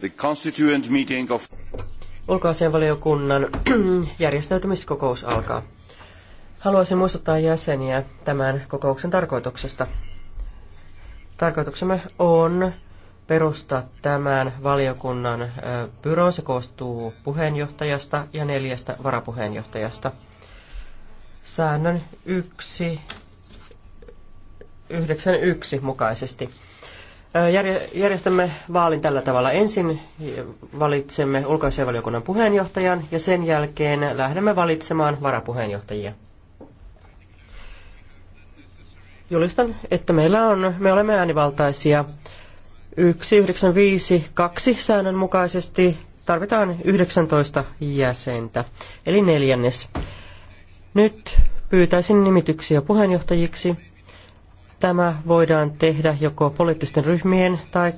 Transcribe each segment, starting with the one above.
the constituent meeting of... Ulkoasianvaliokunnan järjestäytymiskokous alkaa. Haluaisin muistuttaa jäseniä tämän kokouksen tarkoituksesta. Tarkoituksemme on perustaa tämän valiokunnan byro. Se koostuu puheenjohtajasta ja neljästä varapuheenjohtajasta. Säännön 1.91 mukaisesti järjestämme vaalin tällä tavalla. Ensin valitsemme ulkoasianvaliokunnan puheenjohtajan ja sen jälkeen lähdemme valitsemaan varapuheenjohtajia. Julistan, että meillä on, me olemme äänivaltaisia. 1952 säännön mukaisesti tarvitaan 19 jäsentä, eli neljännes. Nyt pyytäisin nimityksiä puheenjohtajiksi. Tämä voidaan tehdä joko poliittisten ryhmien tai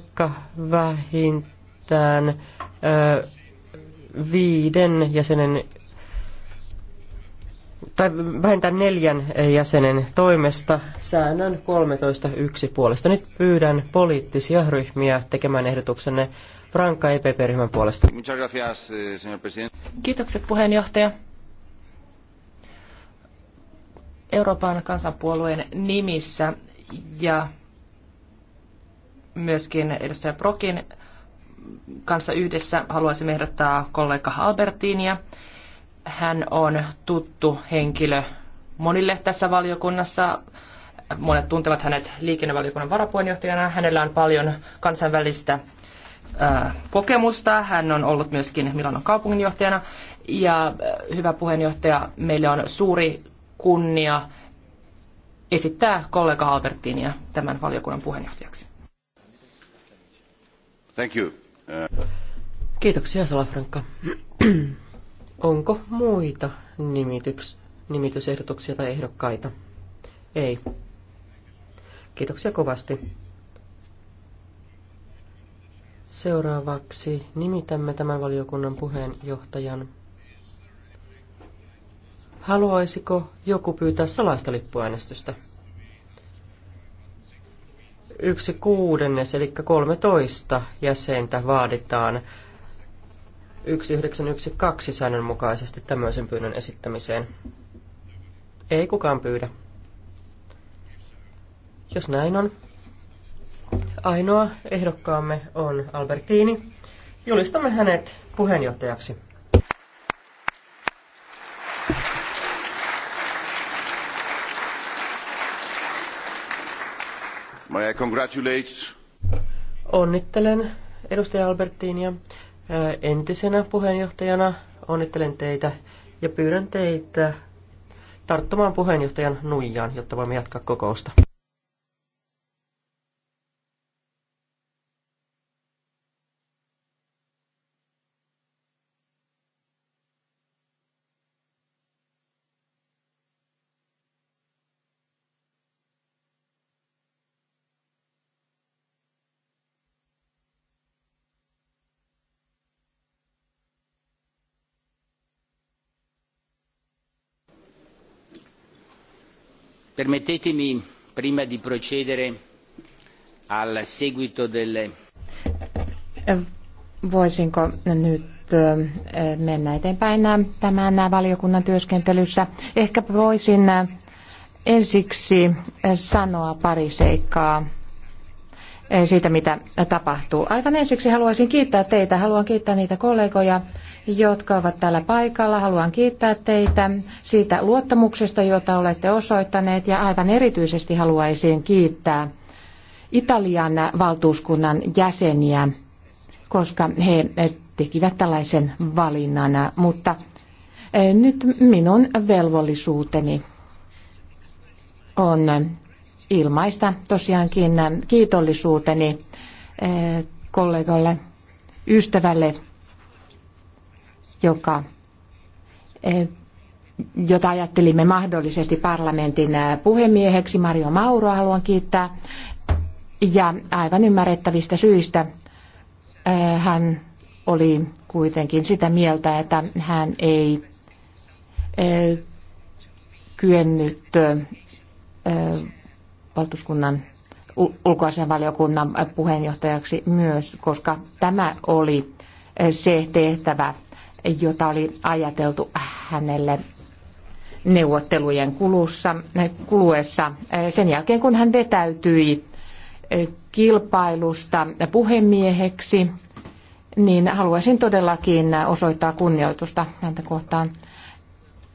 vähintään ö, viiden jäsenen tai vähintään neljän jäsenen toimesta säännön 13.1 puolesta. Nyt pyydän poliittisia ryhmiä tekemään ehdotuksenne Franka EPP-ryhmän puolesta. Eh, Kiitokset puheenjohtaja. Euroopan kansanpuolueen nimissä ja myöskin edustaja Prokin kanssa yhdessä haluaisin ehdottaa kollega Albertinia. Hän on tuttu henkilö monille tässä valiokunnassa. Monet tuntevat hänet liikennevaliokunnan varapuheenjohtajana. Hänellä on paljon kansainvälistä kokemusta. Hän on ollut myöskin Milanon kaupunginjohtajana. Ja hyvä puheenjohtaja, meille on suuri kunnia esittää kollega Albertinia tämän valiokunnan puheenjohtajaksi. Thank you. Uh... Kiitoksia, Salafranka. Onko muita nimityks, nimitysehdotuksia tai ehdokkaita? Ei. Kiitoksia kovasti. Seuraavaksi nimitämme tämän valiokunnan puheenjohtajan Haluaisiko joku pyytää salaista lippuäänestystä? Yksi kuudennes, eli 13 jäsentä vaaditaan 1912 säännön mukaisesti tämmöisen pyynnön esittämiseen. Ei kukaan pyydä. Jos näin on, ainoa ehdokkaamme on Albertini. Julistamme hänet puheenjohtajaksi. congratulate. Onnittelen edustaja Albertinia entisenä puheenjohtajana. Onnittelen teitä ja pyydän teitä tarttumaan puheenjohtajan nuijaan, jotta voimme jatkaa kokousta. Permettetemi, prima di procedere al seguito delle... Eh, voisinko nyt eh, mennä eteenpäin eh, tämän valiokunnan työskentelyssä? Ehkä voisin ensiksi sanoa pari seikkaa Eh, siitä, mitä tapahtuu. Aivan ensiksi haluaisin kiittää teitä. Haluan kiittää niitä kollegoja, jotka ovat täällä paikalla. Haluan kiittää teitä siitä luottamuksesta, jota olette osoittaneet. Ja aivan erityisesti haluaisin kiittää Italian valtuuskunnan jäseniä, koska he eh, tekivät tällaisen valinnan. Mutta eh, nyt minun velvollisuuteni on ilmaista tosiaankin kiitollisuuteni eh, kollegalle, ystävälle, joka, eh, jota ajattelimme mahdollisesti parlamentin eh, puhemieheksi. Mario Mauro haluan kiittää. Ja aivan ymmärrettävistä syistä hän oli kuitenkin sitä mieltä, että hän ei kyennyt valtuuskunnan ulkoasianvaliokunnan puheenjohtajaksi myös, koska tämä oli eh, se tehtävä, jota oli ajateltu hänelle neuvottelujen kulussa, eh, kuluessa. Eh, sen jälkeen, kun hän vetäytyi kilpailusta puhemieheksi, niin haluaisin todellakin osoittaa kunnioitusta häntä kohtaan.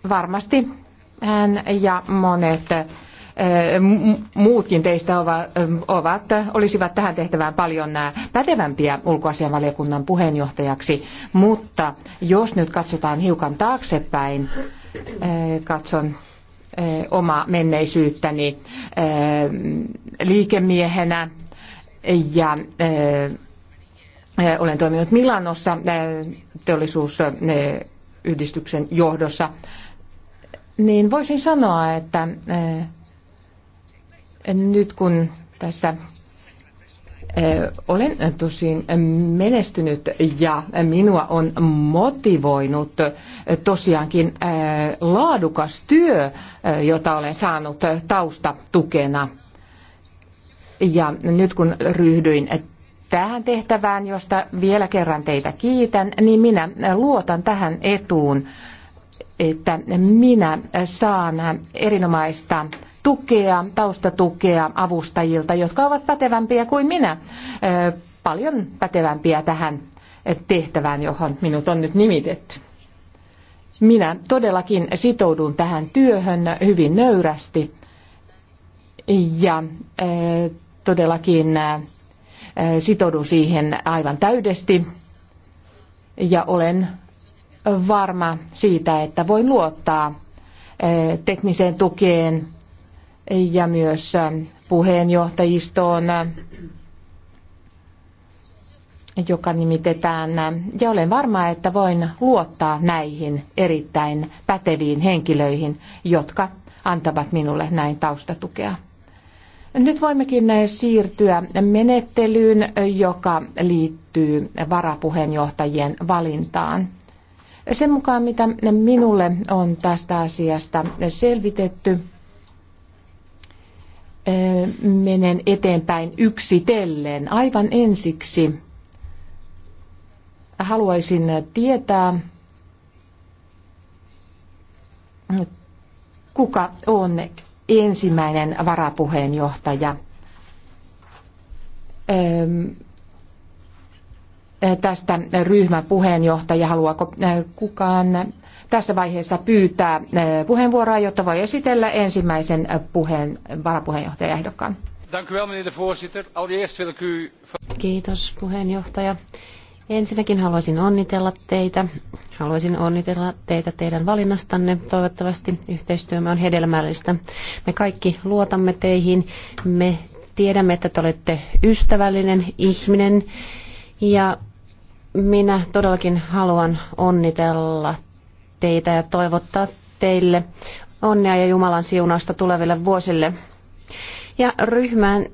Varmasti hän ja monet muutkin teistä ovat, ovat, olisivat tähän tehtävään paljon pätevämpiä ulkoasianvaliokunnan puheenjohtajaksi, mutta jos nyt katsotaan hiukan taaksepäin, katson oma menneisyyttäni liikemiehenä ja olen toiminut Milanossa teollisuusyhdistyksen johdossa, niin voisin sanoa, että nyt kun tässä olen tosin menestynyt ja minua on motivoinut tosiaankin laadukas työ, jota olen saanut taustatukena. Ja nyt kun ryhdyin tähän tehtävään, josta vielä kerran teitä kiitän, niin minä luotan tähän etuun, että minä saan erinomaista tukea, taustatukea avustajilta, jotka ovat pätevämpiä kuin minä, paljon pätevämpiä tähän tehtävään, johon minut on nyt nimitetty. Minä todellakin sitoudun tähän työhön hyvin nöyrästi ja todellakin sitoudun siihen aivan täydesti ja olen varma siitä, että voin luottaa tekniseen tukeen ja myös puheenjohtajistoon, joka nimitetään. Ja olen varma, että voin luottaa näihin erittäin päteviin henkilöihin, jotka antavat minulle näin taustatukea. Nyt voimmekin siirtyä menettelyyn, joka liittyy varapuheenjohtajien valintaan. Sen mukaan, mitä minulle on tästä asiasta selvitetty, menen eteenpäin yksitellen. Aivan ensiksi haluaisin tietää, kuka on ensimmäinen varapuheenjohtaja tästä ryhmän puheenjohtaja, haluaako kukaan tässä vaiheessa pyytää puheenvuoroa, jotta voi esitellä ensimmäisen puheen varapuheenjohtajaehdokkaan. Kiitos puheenjohtaja. Ensinnäkin haluaisin onnitella teitä. Haluaisin onnitella teitä teidän valinnastanne. Toivottavasti yhteistyömme on hedelmällistä. Me kaikki luotamme teihin. Me tiedämme, että te olette ystävällinen ihminen ja minä todellakin haluan onnitella teitä ja toivottaa teille onnea ja Jumalan siunausta tuleville vuosille. Ja ryhmän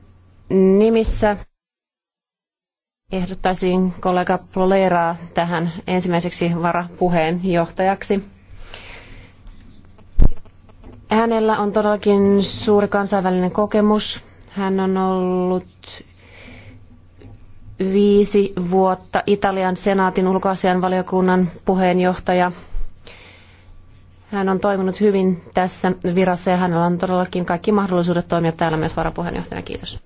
nimissä ehdottaisin kollega Ploleraa tähän ensimmäiseksi varapuheenjohtajaksi. Hänellä on todellakin suuri kansainvälinen kokemus. Hän on ollut viisi vuotta Italian senaatin ulkoasianvaliokunnan puheenjohtaja. Hän on toiminut hyvin tässä virassa ja hänellä on todellakin kaikki mahdollisuudet toimia täällä myös varapuheenjohtajana. Kiitos.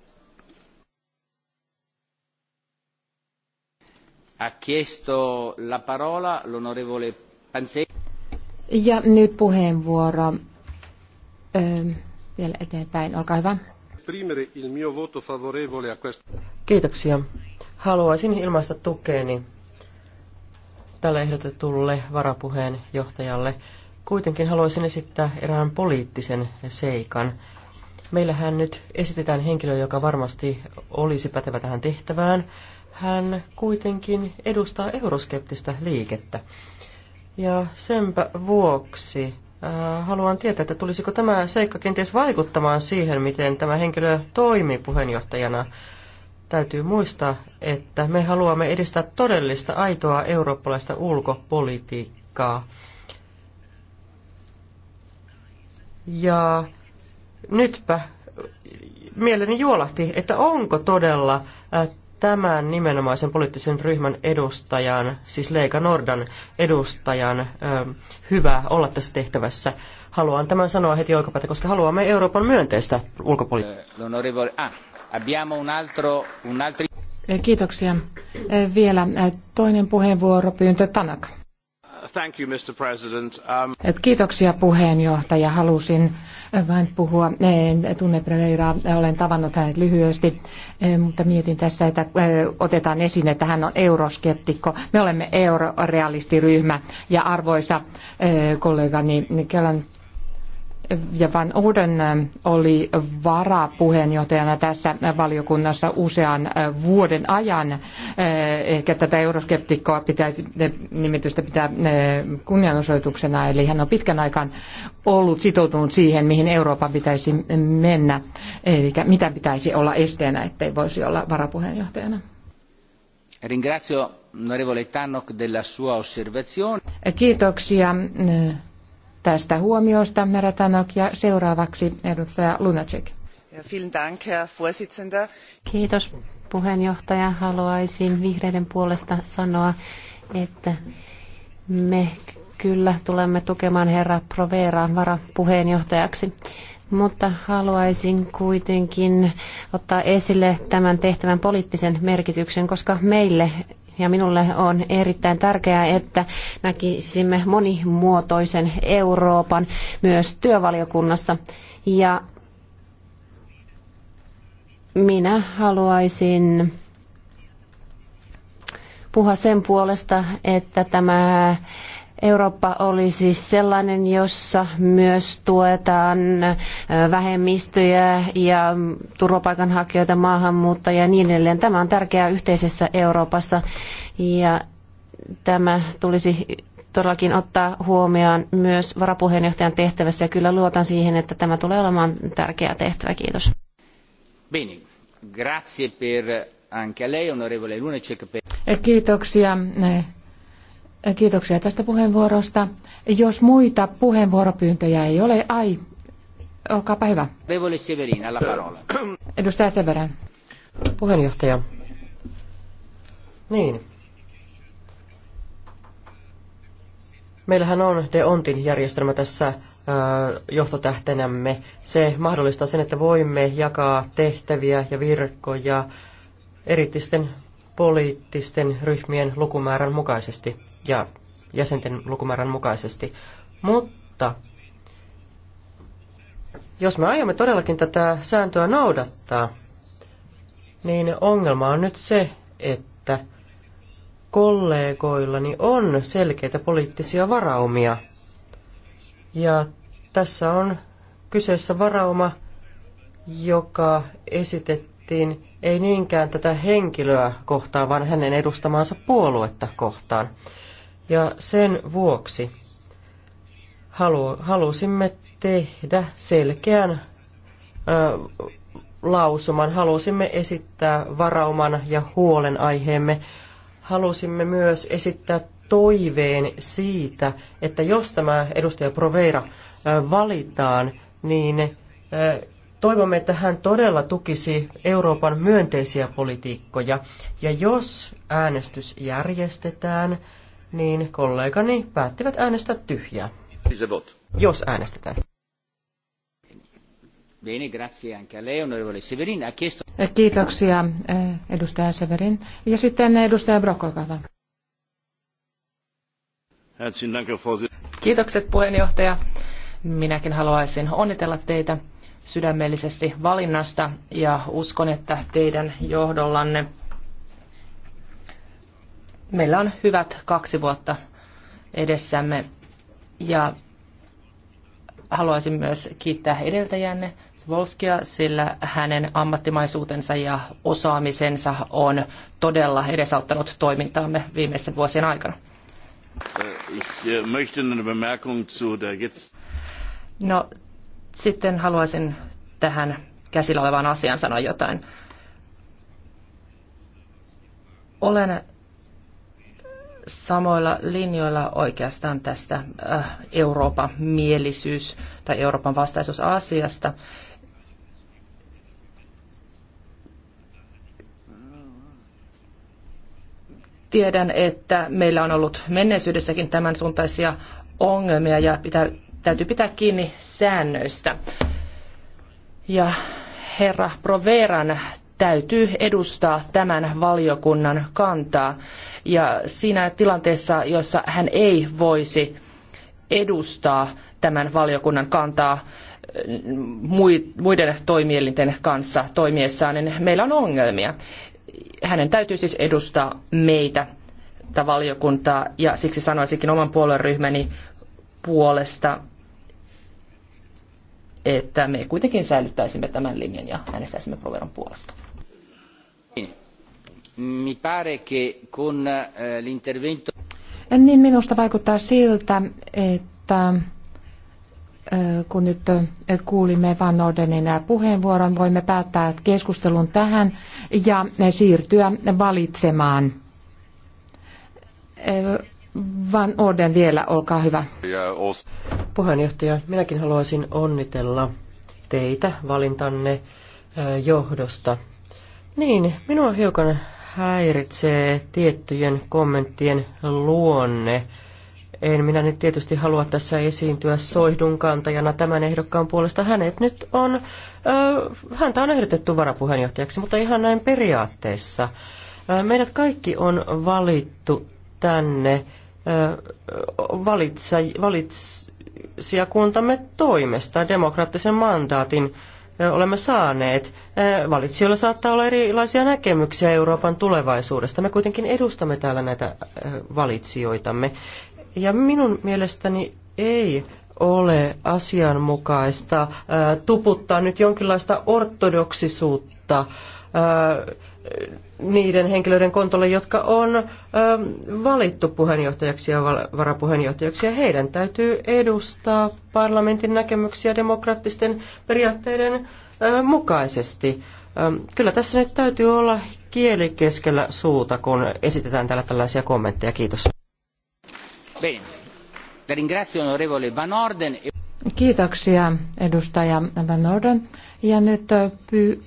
Ja nyt puheenvuoro öö, vielä eteenpäin. Olkaa hyvä. Kiitoksia. Haluaisin ilmaista tukeeni tälle ehdotetulle varapuheenjohtajalle. Kuitenkin haluaisin esittää erään poliittisen seikan. Meillähän nyt esitetään henkilö, joka varmasti olisi pätevä tähän tehtävään. Hän kuitenkin edustaa euroskeptistä liikettä. Ja senpä vuoksi äh, haluan tietää, että tulisiko tämä seikka kenties vaikuttamaan siihen, miten tämä henkilö toimii puheenjohtajana Täytyy muistaa, että me haluamme edistää todellista, aitoa eurooppalaista ulkopolitiikkaa. Ja nytpä mieleni juolahti, että onko todella äh, tämän nimenomaisen poliittisen ryhmän edustajan, siis Leika Nordan edustajan, hyvä olla tässä tehtävässä. Haluan tämän sanoa heti oikapäätä, koska haluamme Euroopan myönteistä ulkopolitiikkaa. Eh, ah, eh, kiitoksia. Eh, vielä toinen puheenvuoropyyntö Tanak. Um, kiitoksia puheenjohtaja. Halusin vain puhua. En tunne Pereiraa, olen tavannut hänet lyhyesti, eh, mutta mietin tässä, että eh, otetaan esiin, että hän on euroskeptikko. Me olemme eurorealistiryhmä ja arvoisa eh, kollegani Kelan ja Van Orden äh, oli varapuheenjohtajana tässä valiokunnassa usean äh, vuoden ajan. Äh, ehkä tätä euroskeptikkoa pitäisi, nimitystä pitää kunnianosoituksena, eli hän on pitkän aikaan ollut sitoutunut siihen, mihin Euroopan pitäisi mennä, eli mitä pitäisi olla esteenä, ettei voisi olla varapuheenjohtajana. Ringrazio onorevole Tannock della sua osservazione. Kiitoksia tästä huomiosta, herra ja seuraavaksi edustaja Lunacek. Kiitos puheenjohtaja. Haluaisin vihreiden puolesta sanoa, että me kyllä tulemme tukemaan herra Proveraa varapuheenjohtajaksi. Mutta haluaisin kuitenkin ottaa esille tämän tehtävän poliittisen merkityksen, koska meille ja minulle on erittäin tärkeää, että näkisimme monimuotoisen Euroopan myös työvaliokunnassa. Ja minä haluaisin puhua sen puolesta, että tämä Eurooppa olisi siis sellainen, jossa myös tuetaan vähemmistöjä ja turvapaikanhakijoita, maahanmuuttajia ja niin edelleen. Tämä on tärkeää yhteisessä Euroopassa ja tämä tulisi todellakin ottaa huomioon myös varapuheenjohtajan tehtävässä ja kyllä luotan siihen, että tämä tulee olemaan tärkeä tehtävä. Kiitos. Bene. Grazie per anche lei, onorevole Lunacek. Per... Kiitoksia eh, Kiitoksia tästä puheenvuorosta. Jos muita puheenvuoropyyntöjä ei ole, ai, olkaapa hyvä. Edustaja Severin. Puheenjohtaja. Niin. Meillähän on De Ontin järjestelmä tässä johtotähtenämme. Se mahdollistaa sen, että voimme jakaa tehtäviä ja virkkoja erityisten poliittisten ryhmien lukumäärän mukaisesti ja jäsenten lukumäärän mukaisesti. Mutta jos me aiomme todellakin tätä sääntöä noudattaa, niin ongelma on nyt se, että kollegoillani on selkeitä poliittisia varaumia. Ja tässä on kyseessä varauma, joka esitettiin ei niinkään tätä henkilöä kohtaan, vaan hänen edustamaansa puoluetta kohtaan. Ja sen vuoksi halu, halusimme tehdä selkeän ö, lausuman, halusimme esittää varauman ja huolenaiheemme. Halusimme myös esittää toiveen siitä, että jos tämä edustaja Proveira valitaan, niin toivomme, että hän todella tukisi Euroopan myönteisiä politiikkoja. Ja jos äänestys järjestetään, niin kollegani päättivät äänestää tyhjää. Jos äänestetään. Kiitoksia eh, edustaja Severin. Ja sitten edustaja Brokkolkava. Kiitokset puheenjohtaja. Minäkin haluaisin onnitella teitä sydämellisesti valinnasta ja uskon, että teidän johdollanne meillä on hyvät kaksi vuotta edessämme ja haluaisin myös kiittää edeltäjänne Volskia, sillä hänen ammattimaisuutensa ja osaamisensa on todella edesauttanut toimintaamme viimeisten vuosien aikana. Äh, äh, no, sitten haluaisin tähän käsillä olevaan asiaan sanoa jotain. Olen samoilla linjoilla oikeastaan tästä äh, Euroopan mielisyys tai Euroopan vastaisuus asiasta. Tiedän, että meillä on ollut menneisyydessäkin tämän suuntaisia ongelmia ja pitää, täytyy pitää kiinni säännöistä. Ja herra Proveran täytyy edustaa tämän valiokunnan kantaa. Ja siinä tilanteessa, jossa hän ei voisi edustaa tämän valiokunnan kantaa muiden toimielinten kanssa toimiessaan, niin meillä on ongelmia. Hänen täytyy siis edustaa meitä tätä valiokuntaa ja siksi sanoisinkin oman puolueryhmäni puolesta että me kuitenkin säilyttäisimme tämän linjan ja äänestäisimme Proveron puolesta. Mi pare che con eh, l'intervento... Niin minusta vaikuttaa siltä, että eh, kun nyt eh, kuulimme Van Nordenin puheenvuoron, voimme päättää keskustelun tähän ja siirtyä valitsemaan Van Orden vielä, olkaa hyvä. Puheenjohtaja, minäkin haluaisin onnitella teitä valintanne johdosta. Niin, minua hiukan häiritsee tiettyjen kommenttien luonne. En minä nyt tietysti halua tässä esiintyä kantajana tämän ehdokkaan puolesta. Hänet nyt on, ö, häntä on ehdotettu varapuheenjohtajaksi, mutta ihan näin periaatteessa. Meidät kaikki on valittu tänne valitsijakuntamme toimesta demokraattisen mandaatin olemme saaneet. Valitsijoilla saattaa olla erilaisia näkemyksiä Euroopan tulevaisuudesta. Me kuitenkin edustamme täällä näitä valitsijoitamme. Ja minun mielestäni ei ole asianmukaista tuputtaa nyt jonkinlaista ortodoksisuutta äh, niiden henkilöiden kontolle, jotka on valittu puheenjohtajaksi ja varapuheenjohtajaksi. Ja heidän täytyy edustaa parlamentin näkemyksiä demokraattisten periaatteiden mukaisesti. Kyllä tässä nyt täytyy olla kieli keskellä suuta, kun esitetään täällä tällaisia kommentteja. Kiitos. Bene. Ringrazio onorevole Van Orden. E- Kiitoksia edustaja Van Norden. Ja nyt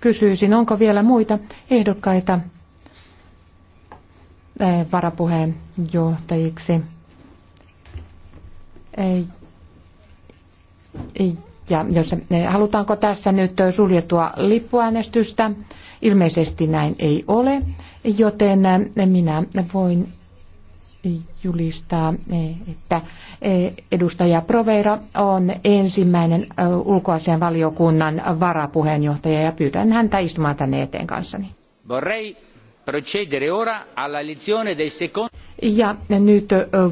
kysyisin, onko vielä muita ehdokkaita varapuheenjohtajiksi? Ei. Ei. Ja jos, halutaanko tässä nyt suljettua lippuäänestystä? Ilmeisesti näin ei ole, joten minä voin julistaa, e, että e, edustaja Proveira on ensimmäinen e, ulkoasian valiokunnan varapuheenjohtaja ja pyydän häntä istumaan tänne eteen kanssani. Ja nyt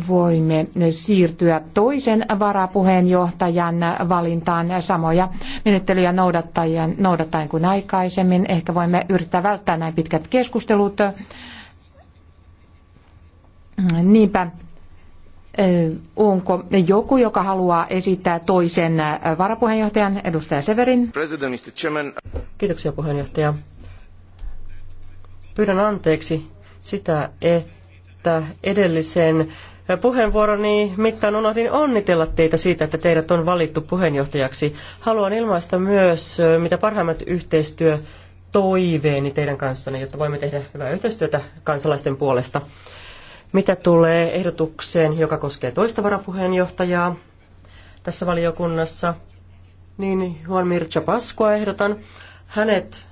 voimme siirtyä toisen varapuheenjohtajan valintaan samoja menettelyjä noudattaen, noudattaen kuin aikaisemmin. Ehkä voimme yrittää välttää näin pitkät keskustelut. Niinpä Onko joku, joka haluaa esittää toisen varapuheenjohtajan, edustaja Severin? Kiitoksia puheenjohtaja. Pyydän anteeksi sitä, että edellisen puheenvuoroni mittaan unohdin onnitella teitä siitä, että teidät on valittu puheenjohtajaksi. Haluan ilmaista myös mitä parhaimmat toiveeni teidän kanssanne, jotta voimme tehdä hyvää yhteistyötä kansalaisten puolesta. Mitä tulee ehdotukseen, joka koskee toista varapuheenjohtajaa tässä valiokunnassa, niin Juan Mircea Paskua ehdotan. Hänet,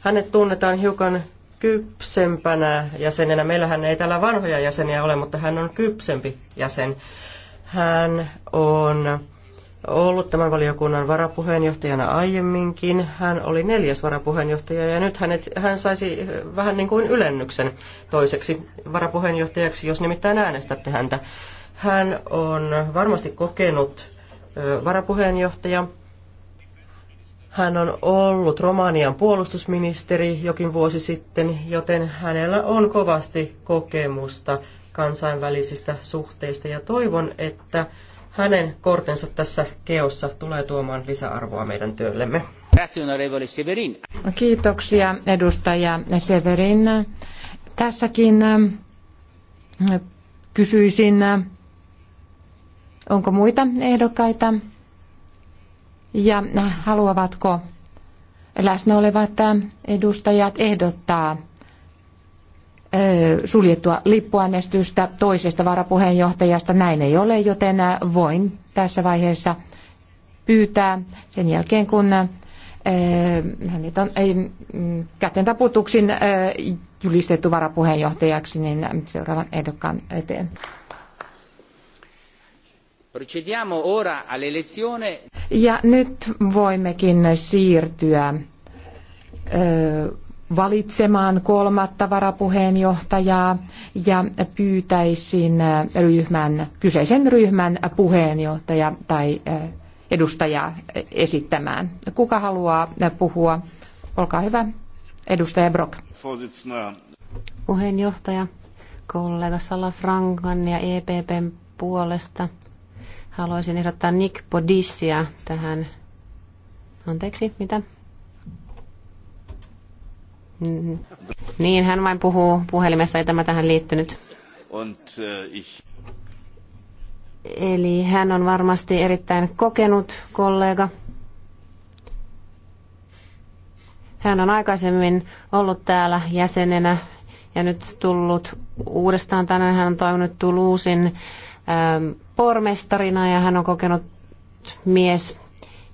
hänet tunnetaan hiukan kypsempänä jäsenenä. Meillähän ei täällä vanhoja jäseniä ole, mutta hän on kypsempi jäsen. Hän on ollut tämän valiokunnan varapuheenjohtajana aiemminkin. Hän oli neljäs varapuheenjohtaja ja nyt hänet, hän saisi eh, vähän niin kuin ylennyksen toiseksi varapuheenjohtajaksi, jos nimittäin äänestätte häntä. Hän on varmasti kokenut eh, varapuheenjohtaja. Hän on ollut Romanian puolustusministeri jokin vuosi sitten, joten hänellä on kovasti kokemusta kansainvälisistä suhteista ja toivon, että hänen kortensa tässä keossa tulee tuomaan lisäarvoa meidän työllemme. Kiitoksia edustaja Severin. Tässäkin ähm, kysyisin, äh, onko muita ehdokkaita ja haluavatko läsnä olevat äh, edustajat ehdottaa suljettua lippuäänestystä toisesta varapuheenjohtajasta. Näin ei ole, joten voin tässä vaiheessa pyytää sen jälkeen, kun hänet on ei, mm, käten taputuksin julistettu varapuheenjohtajaksi, niin seuraavan ehdokkaan eteen. Ja nyt voimmekin siirtyä valitsemaan kolmatta varapuheenjohtajaa ja pyytäisin äh, ryhmän, kyseisen ryhmän puheenjohtaja tai äh, edustajaa äh, esittämään. Kuka haluaa puhua? Olkaa hyvä. Edustaja Brock. Puheenjohtaja, kollega Frankan ja EPPn puolesta haluaisin ehdottaa Nick Podissia tähän. Anteeksi, mitä? Mm-hmm. Niin, hän vain puhuu puhelimessa, ei tämä tähän liittynyt. Äh, Eli hän on varmasti erittäin kokenut kollega. Hän on aikaisemmin ollut täällä jäsenenä ja nyt tullut uudestaan tänään. Hän on toiminut Toulousin ähm, pormestarina ja hän on kokenut mies,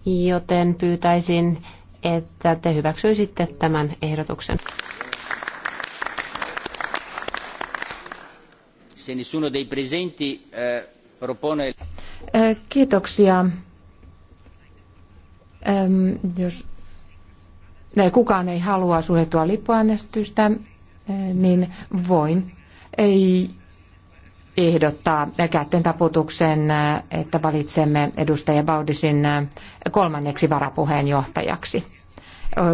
joten pyytäisin että te hyväksyisitte tämän ehdotuksen. Se nessuno dei presenti eh, propone... Eh, kiitoksia. Jos kukaan ei halua suljettua lippuäänestystä, eh, niin voin. Ei ehdottaa kätten taputuksen, että valitsemme edustaja Baudisin kolmanneksi varapuheenjohtajaksi.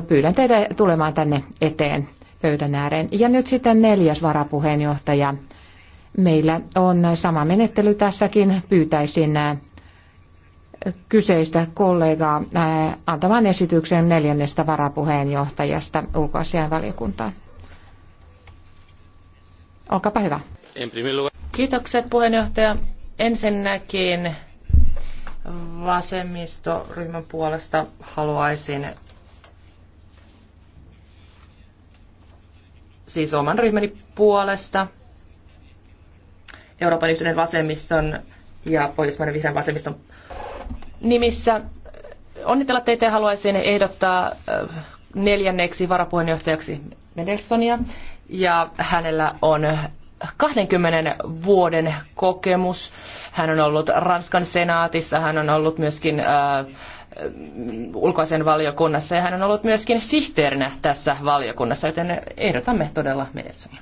Pyydän teitä tulemaan tänne eteen pöydän ääreen. Ja nyt sitten neljäs varapuheenjohtaja. Meillä on sama menettely tässäkin. Pyytäisin kyseistä kollegaa äh, antamaan esityksen neljännestä varapuheenjohtajasta ulkoasiainvaliokuntaan. Olkaapa hyvä. Kiitokset puheenjohtaja. Ensinnäkin vasemmistoryhmän puolesta haluaisin siis oman ryhmäni puolesta Euroopan yhtenäinen vasemmiston ja Pohjoismaiden vihreän vasemmiston nimissä onnitella teitä ja haluaisin ehdottaa äh, neljänneksi varapuheenjohtajaksi Mendelssonia Ja hänellä on 20 vuoden kokemus. Hän on ollut Ranskan senaatissa, hän on ollut myöskin äh, mm, ulkoisen valiokunnassa ja hän on ollut myöskin sihteerinä tässä valiokunnassa, joten ehdotamme todella menestyä.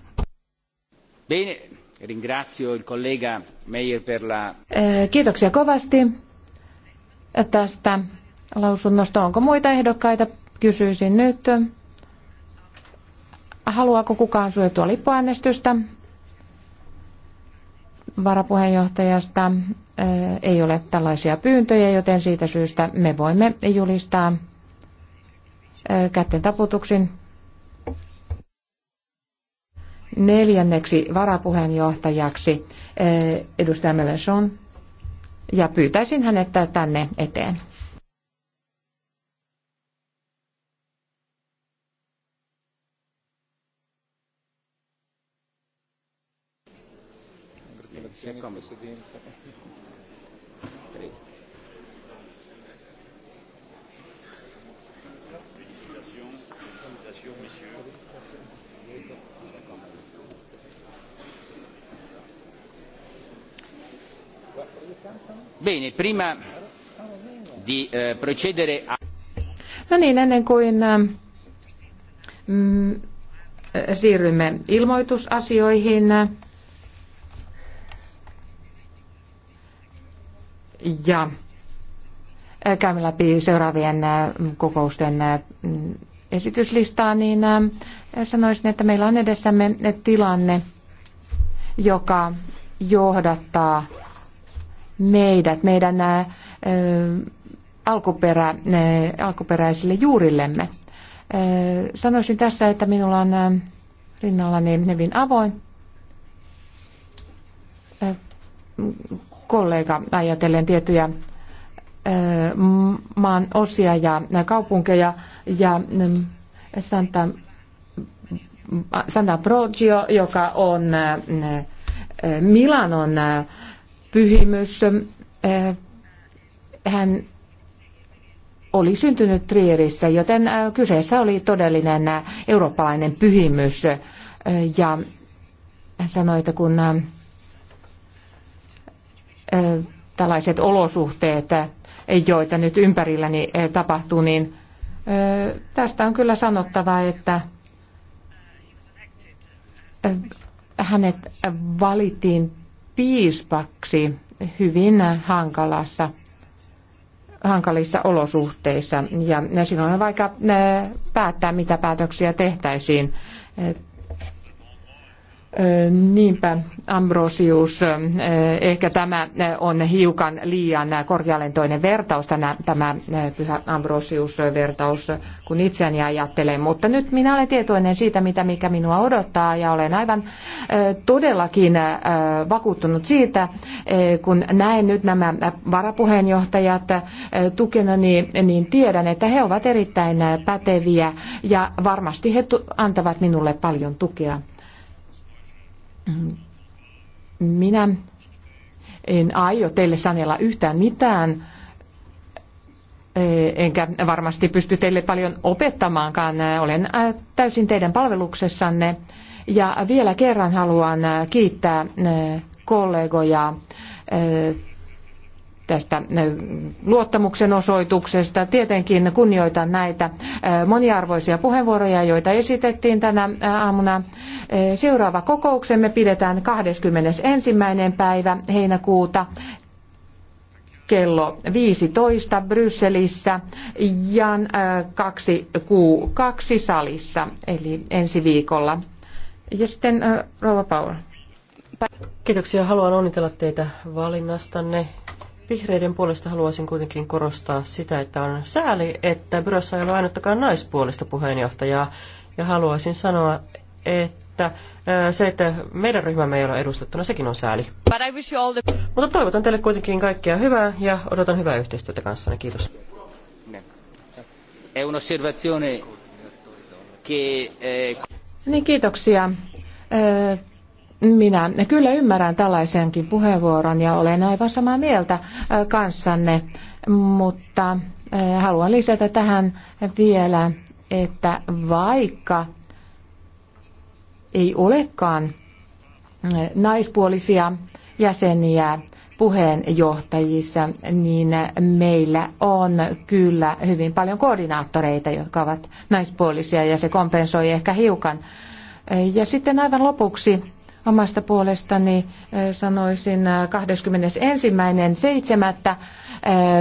Bene, ringrazio il collega per la... Äh, kiitoksia kovasti tästä lausunnosta. Onko muita ehdokkaita? Kysyisin nyt. Haluaako kukaan suojattua lippuäänestystä? varapuheenjohtajasta äh, ei ole tällaisia pyyntöjä, joten siitä syystä me voimme julistaa äh, kätten taputuksin neljänneksi varapuheenjohtajaksi äh, edustaja Melenson ja pyytäisin hänet tänne eteen. Bene, prima di eh, procedere a... No niin, ennen kuin eh, mm, eh, siirrymme ilmoitusasioihin, ja käymme läpi seuraavien kokousten esityslistaa, niin sanoisin, että meillä on edessämme tilanne, joka johdattaa meidät, meidän alkuperä, alkuperäisille juurillemme. Sanoisin tässä, että minulla on rinnallani hyvin avoin kollega ajatellen tiettyjä maan osia ja kaupunkeja ja mm, Santa, Santa Progio, joka on Milanon pyhimys. Hän oli syntynyt Trierissä, joten kyseessä oli todellinen eurooppalainen pyhimys. Ja hän sanoi, että kun tällaiset olosuhteet, joita nyt ympärilläni tapahtuu, niin tästä on kyllä sanottava, että hänet valittiin piispaksi hyvin hankalassa, hankalissa olosuhteissa ja silloin on vaikka päättää, mitä päätöksiä tehtäisiin. Niinpä, Ambrosius, ehkä tämä on hiukan liian korkealentoinen vertaus, tämä, pyhä Ambrosius-vertaus, kun itseäni ajattelen. Mutta nyt minä olen tietoinen siitä, mitä mikä minua odottaa, ja olen aivan todellakin vakuuttunut siitä, kun näen nyt nämä varapuheenjohtajat tukena, niin, niin tiedän, että he ovat erittäin päteviä, ja varmasti he antavat minulle paljon tukea minä en aio teille sanella yhtään mitään, e, enkä varmasti pysty teille paljon opettamaankaan. Olen täysin teidän palveluksessanne. Ja vielä kerran haluan kiittää kollegoja tästä äh, luottamuksen osoituksesta. Tietenkin kunnioitan näitä äh, moniarvoisia puheenvuoroja, joita esitettiin tänä äh, aamuna. Seuraava kokouksemme pidetään 21. päivä heinäkuuta kello 15 Brysselissä ja 2Q2 salissa, eli ensi viikolla. Ja sitten Rova Paul. Kiitoksia. Haluan onnitella teitä valinnastanne Vihreiden puolesta haluaisin kuitenkin korostaa sitä, että on sääli, että Byrossa ei ole ainuttakaan naispuolista puheenjohtajaa. Ja haluaisin sanoa, että se, että meidän ryhmämme ei ole edustettuna, sekin on sääli. The... Mutta toivotan teille kuitenkin kaikkea hyvää ja odotan hyvää yhteistyötä kanssanne. Kiitos. Eh, niin, kiitoksia. Minä kyllä ymmärrän tällaisenkin puheenvuoron ja olen aivan samaa mieltä äh, kanssanne, mutta äh, haluan lisätä tähän vielä, että vaikka ei olekaan äh, naispuolisia jäseniä puheenjohtajissa, niin meillä on kyllä hyvin paljon koordinaattoreita, jotka ovat naispuolisia ja se kompensoi ehkä hiukan. Ja sitten aivan lopuksi Omasta puolestani sanoisin 21.7.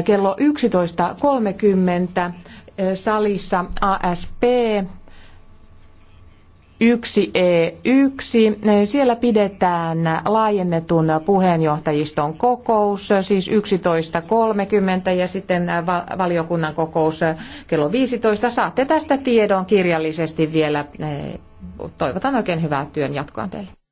kello 11.30 salissa ASP 1E1. Siellä pidetään laajennetun puheenjohtajiston kokous, siis 11.30 ja sitten valiokunnan kokous kello 15. Saatte tästä tiedon kirjallisesti vielä. Toivotan oikein hyvää työn jatkoa teille.